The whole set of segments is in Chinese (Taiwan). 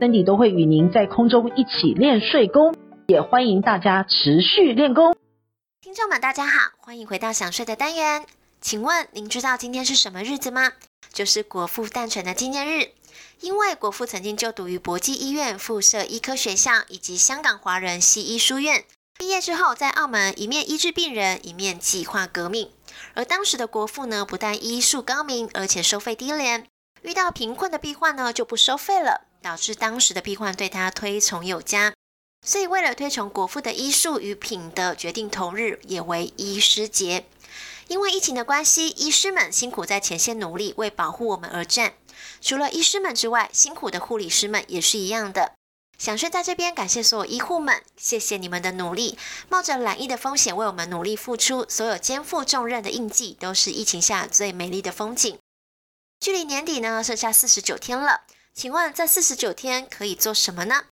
森迪都會與您在空中一起練睡功，也歡迎大家持續練功。聽眾們，大家好，歡迎回到想睡的單元。請問您知道今天是什麼日子嗎？就是國父誕辰的紀念日。因為國父曾經就讀於博濟醫院附設醫科學校以及香港華人西醫書院，畢業之後在澳門一面醫治病人，一面計劃革命。而當時的國父呢，不但醫術高明，而且收費低廉，遇到貧困的病患呢，就不收費了。導致當時的病患對他推崇有加，所以為了推崇國父的醫術與品德，決定同日也為醫師節。因為疫情的關係，醫師們辛苦在前線努力，為保護我們而戰。除了醫師們之外，辛苦的護理師們也是一樣的。想說在這邊感謝所有醫護們，謝謝你們的努力，冒着染疫的風險為我們努力付出。所有肩負重任的印記，都是疫情下最美麗的風景。距離年底呢，剩下四十九天了。請問這四十九天可以做什麼呢？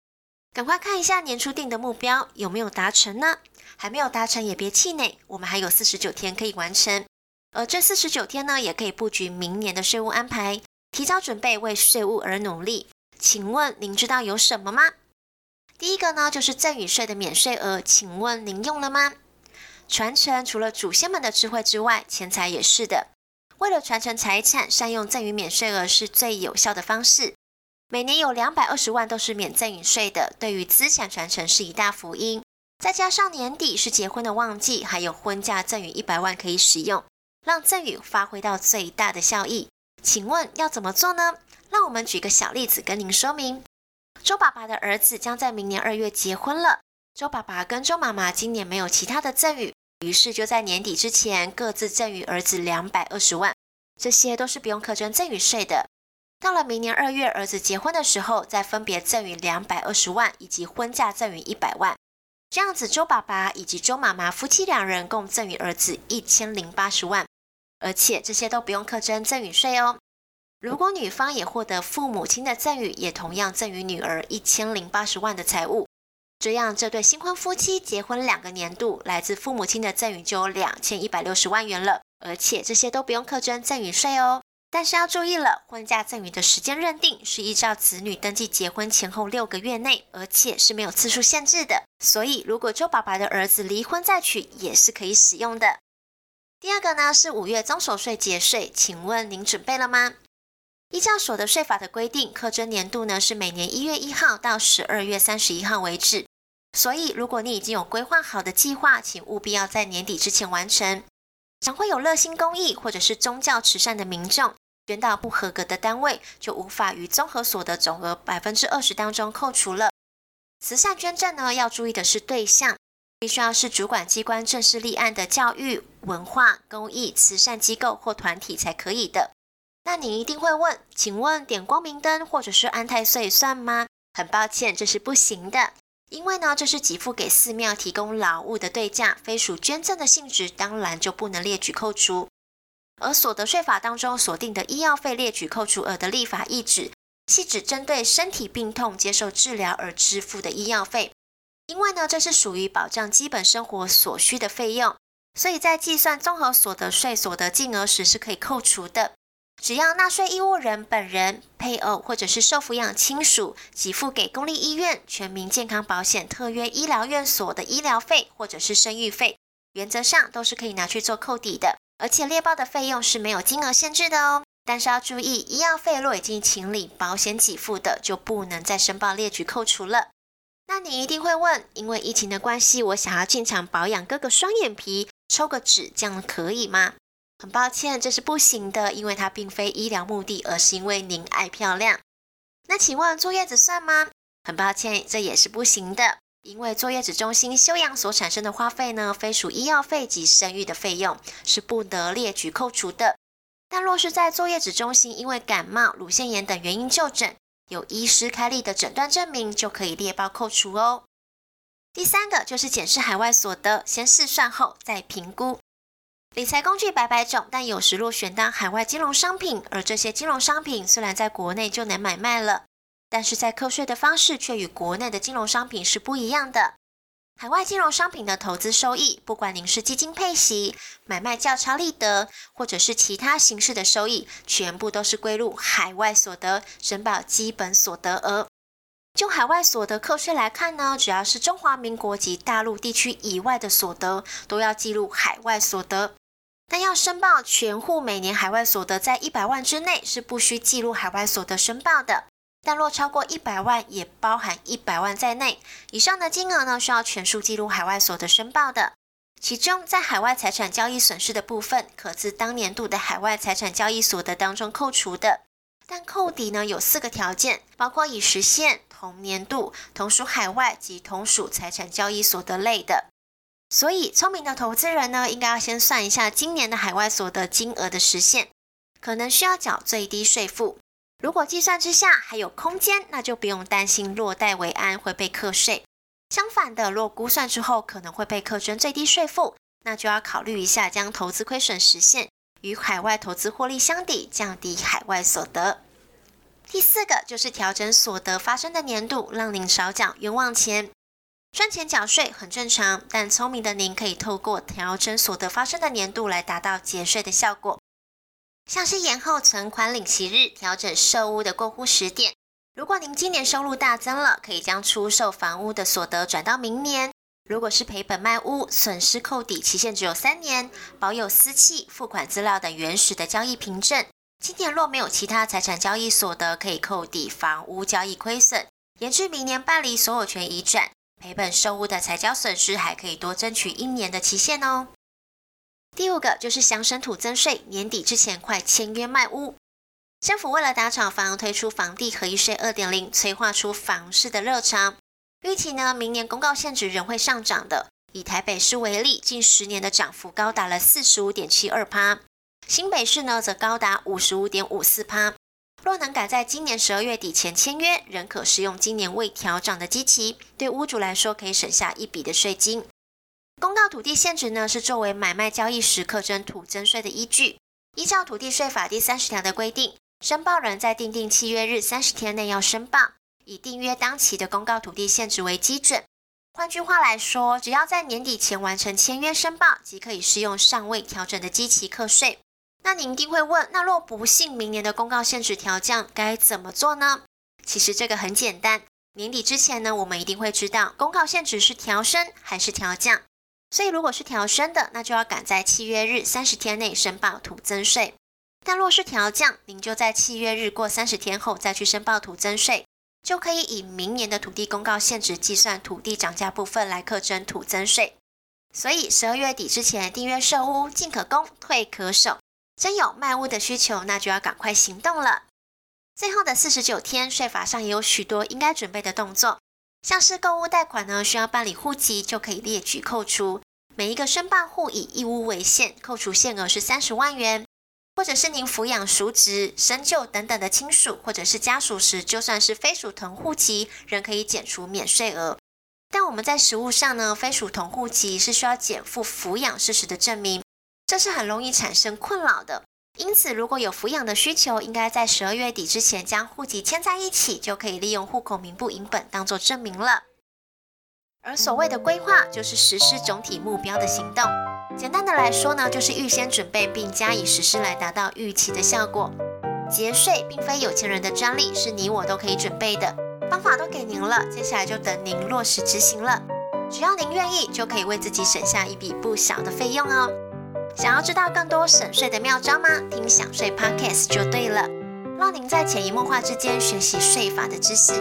趕快看一下年初定的目標有沒有達成呢？還沒有達成也別氣餒，我們還有四十九天可以完成。而這四十九天呢，也可以布局明年的稅務安排，提早準備為稅務而努力。請問您知道有什麼嗎？第一個呢，就是贈與稅的免稅額。請問您用了嗎？傳承除了祖先們的智慧之外，錢財也是的。為了傳承財產，善用贈與免稅額是最有效的方式。每年有兩百二十萬都是免贈與稅的，對於資產傳承是一大福音。再加上年底是結婚的旺季，還有婚嫁贈與一百萬可以使用，讓贈與發揮到最大的效益。請問要怎麼做呢？讓我們舉個小例子跟您說明。周爸爸的兒子將在明年二月結婚了，周爸爸跟周媽媽今年沒有其他的贈與，於是就在年底之前各自贈與兒子兩百二十萬，這些都是不用課徵贈與稅的。到了明年二月，兒子結婚的時候，再分別贈與兩百二十萬以及婚嫁贈與一百萬，這樣子周爸爸以及周媽媽夫妻兩人共贈與兒子一千零八十萬，而且這些都不用課徵贈與稅哦。如果女方也獲得父母親的贈與，也同樣贈與女兒一千零八十萬的財物，這樣這對新婚夫妻結婚兩個年度來自父母親的贈與就有兩千一百六十萬元了，而且這些都不用課徵贈與稅哦。但是要注意了，婚嫁贈與的時間認定是依照子女登記結婚前後六個月內，而且是沒有次數限制的。所以，如果周爸爸的兒子離婚再娶，也是可以使用的。第二個呢是五月綜所稅節稅，請問您準備了嗎？依照所得稅法的規定，課徵年度呢是每年一月一號到十二月三十一號為止。所以，如果你已經有規劃好的計劃，請務必要在年底之前完成。常會有熱心公益或者是宗教慈善的民眾捐到不合格的單位，就無法於綜合所得總額百分之二十當中扣除了。慈善捐贈呢，要注意的是對象必須要是主管機關正式立案的教育、文化、公益、慈善機構或團體才可以的。那你一定會問，請問點光明燈或者是安太歲算嗎？很抱歉，這是不行的。因為呢，這是給付給寺廟提供勞務的對價，非屬捐贈的性質，當然就不能列舉扣除。而所得稅法當中所定的醫藥費列舉扣除額的立法意旨，係指針對身體病痛接受治療而支付的醫藥費。因為呢，這是屬於保障基本生活所需的費用，所以在計算綜合所得稅所得淨額時是可以扣除的。只要納稅義務人本人、配偶或者是受撫養親屬給付給公立醫院、全民健康保險特約醫療院所的醫療費或者是生育費，原則上都是可以拿去做扣抵的。而且列報的費用是沒有金額限制的哦。但是要注意，醫藥費若已經請領保險給付的，就不能再申報列舉扣除了。那你一定會問，因為疫情的關係，我想要進場保養割個雙眼皮，抽個脂，這樣可以嗎？很抱歉，這是不行的，因為它並非醫療目的，而是因為您愛漂亮。那請問坐月子算嗎？很抱歉，這也是不行的，因為坐月子中心休養所產生的花費呢，非屬醫藥費及生育的費用，是不得列舉扣除的。但若是在坐月子中心因為感冒、乳腺炎等原因就診，有醫師開立的診斷證明，就可以列報扣除哦。第三個就是檢視海外所得，先試算後再評估。理財工具百百種，但有時落選當海外金融商品。而這些金融商品雖然在國內就能買賣了，但是在課稅的方式卻與國內的金融商品是不一樣的。海外金融商品的投資收益，不管您是基金配息、買賣價差利得，或者是其他形式的收益，全部都是歸入海外所得，申報基本所得額。就海外所得課稅來看呢，只要是中華民國及大陸地區以外的所得，都要記錄海外所得。但要申報全戶每年海外所得在一百萬之內，是不需記錄海外所得申報的，但若超過一百萬，也包含一百萬在內以上的金額呢，需要全數記錄海外所得申報的。其中在海外財產交易損失的部分，可自當年度的海外財產交易所得當中扣除的，但扣抵呢，有四個條件，包括已實現、同年度、同屬海外及同屬財產交易所得類的。所以，聰明的投資人呢，應該要先算一下今年的海外所得金額的實現，可能需要繳最低稅負。如果計算之下還有空間，那就不用擔心落袋為安會被課稅。相反的，若估算之後可能會被課徵最低稅負，那就要考慮一下將投資虧損實現與海外投資獲利相抵，降低海外所得。第四個就是調整所得發生的年度，讓您少繳冤枉錢。賺錢繳稅很正常，但聰明的您可以透過調整所得發生的年度來達到節稅的效果，像是延後存款領息日、調整售屋的過戶時點。如果您今年收入大增了，可以將出售房屋的所得轉到明年。如果是賠本賣屋，損失扣抵期限只有三年，保有私契、付款資料等原始的交易憑證。今年若沒有其他財產交易所得，可以扣抵房屋交易虧損，延至明年辦理所有權移轉。賠本售屋的財交損失，還可以多爭取一年的期限哦。第五個就是想省土增稅，年底之前快簽約賣屋。政府為了打炒房，推出房地合一稅二點零，催化出房市的熱潮。預期呢，明年公告現值仍會上漲的。以台北市為例，近十年的漲幅高達了四十五點七二趴，新北市呢則高達五十五點五四趴。若能趕在今年十二月底前簽約，仍可適用今年未調整的基期，對屋主來說可以省下一筆的稅金。公告土地現值呢，是作為買賣交易時課徵土增稅的依據。依照土地稅法第三十條的規定，申報人在訂定契約日三十天內要申報，以訂約當期的公告土地現值為基準。換句話來說，只要在年底前完成簽約申報，即可以適用尚未調整的基期課稅。那您一定會問，那若不幸明年的公告現值調降，該怎麼做呢？其實這個很簡單，年底之前呢，我們一定會知道公告現值是調升還是調降。所以如果是調升的，那就要趕在契約日三十天內申報土增稅；但若是調降，您就在契約日過三十天後再去申報土增稅，就可以以明年的土地公告現值計算土地漲價部分來課徵土增稅。所以十二月底之前訂約售屋，進可攻，退可守。真有賣屋的需求，那就要趕快行動了。最後的四十九天，稅法上也有許多應該準備的動作，像是購屋貸款呢，需要辦理戶籍就可以列舉扣除。每一個申報戶以一屋為限，扣除限額是三十萬元。或者是您撫養叔姪、甥舅等等的親屬或者是家屬時，就算是非屬同戶籍，仍可以減除免稅額。但我們在實務上呢，非屬同戶籍是需要檢附撫養事實的證明。這是很容易產生困擾的，因此如果有撫養的需求，應該在十二月底之前將戶籍遷在一起，就可以利用戶口名簿影本當做證明了。而所謂的規劃，就是實施總體目標的行動。簡單的來說呢，就是預先準備併加以實施來達到預期的效果。節稅並非有錢人的專利，是你我都可以準備的。方法都給您了，接下來就等您落實執行了。只要您願意，就可以為自己省下一筆不小的費用哦。想要知道更多省稅的妙招嗎？聽“享稅 Podcast” 就對了，讓您在潛移默化之間學習稅法的知識。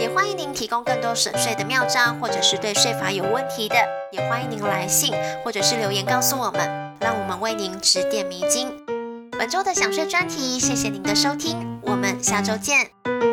也歡迎您提供更多省稅的妙招，或者是對稅法有問題的，也歡迎您來信或者是留言告訴我們，讓我們為您指點迷津。本周的享稅專題，謝謝您的收聽，我們下周見。